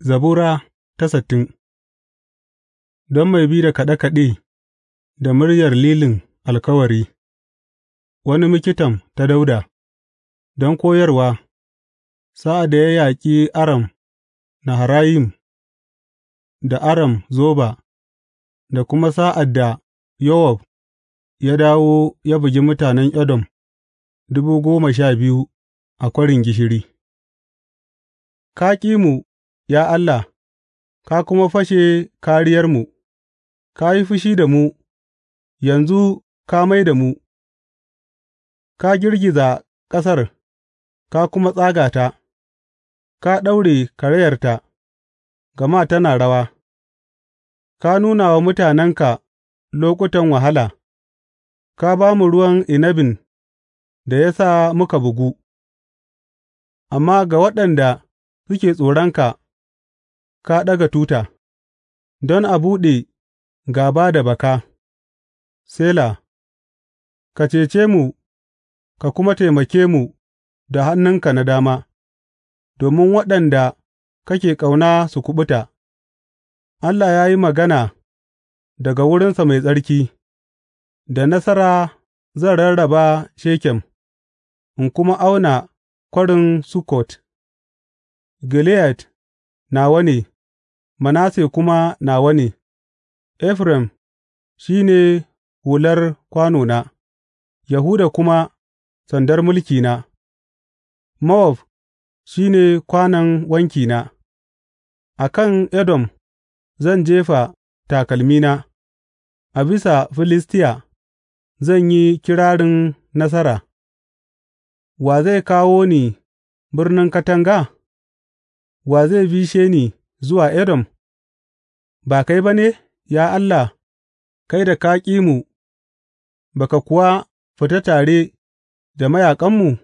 Zabura ta sittin Don mai bi da kaɗe kaɗe da muryar lilin alkawari, wani mikitam ta Dauda, don koyarwa, sa'ad da ya yaƙi Aram Naharayim da Aram Zoba, da kuma sa'ad da Yowab ya dawo ya bugi mutanen Edom dubu goma sha biyu a Kwarin Gishiri. Ka ƙi mu ya Allah, ka kuma fashe kāriyarmu; ka yi fushi da mu, yanzu ka mai da mu; ka girgiza ƙasar ka kuma tsaga ta, ka daure karayarta, gama tana rawa; ka nuna wa mutanenka lokutan wahala, ka ba mu ruwan inabin da ya sa muka bugu, amma ga waɗanda suke tsoronka. ka ɗaga tuta, don a buɗe gaba da baka, Sela Ka cece mu ka kuma taimake mu da hannunka na dama, domin waɗanda kake ƙauna su kuɓuta; Allah ya yi magana daga wurinsa mai tsarki, Da nasara zan rarraba Shekem in kuma auna Kwarin Sukkot Gileyad nawa ne. Manasse kuma nawa ne; Efraim shi ne hular kwanona, Yahuda kuma sandar mulkina, Mowab shi ne kwanon wankina; a kan Edom zan jefa takalmina, a bisa Filistiya zan yi kirarin nasara Wa zai kawo ni birnin katanga, wa zai bishe ni zuwa Edom? Ba kai ba ne, ya Allah, kai da ka ƙi mu ba ka kuwa fita tare da mayaƙanmu?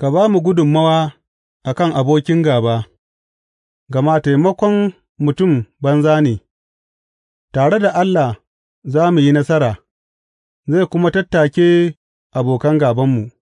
Ka ba mu gudummawa a kan abokin gāba, gama taimakon mutum banza ne, tare da Allah za mu yi nasara, zai kuma tattake abokan gābanmu.